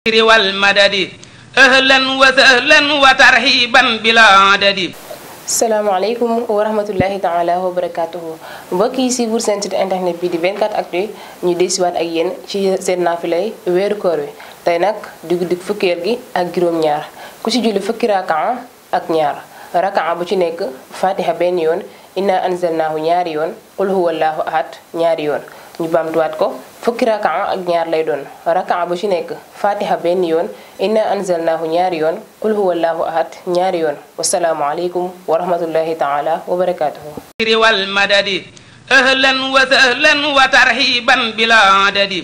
wal madadi ahlan wa sahlan wa tarhiban bila adadi salaamaaleykum wa rahmatullahi taala wa barakaatuhu mbokk yi si wur seen site internet bi di 24 actu ñu desiwaat ak yéen ci seen naafilay weeru koor wi tey nag di guddi fukkeel gi ak juróom-ñaar ku ci julli fukki rakaa ak ñaar rakaa bu ci nekk fatiha benn yoon inna anzalnaahu ñaari yoon qul huwallaahu ahad ñaari yoon ñu bamtuwaat ko fukki rakaa ak ñaar lay doon rakaa bu ci nekk fatiha benn yoon inna anzalnaahu ñaari yoon qul huwa allahu ahad ñaari yoon wasalaamu aleykum wa rahmatullahi taala wa barakaatuhu riwal madadi ahlan wa sahlan wa tarhiban bila adadi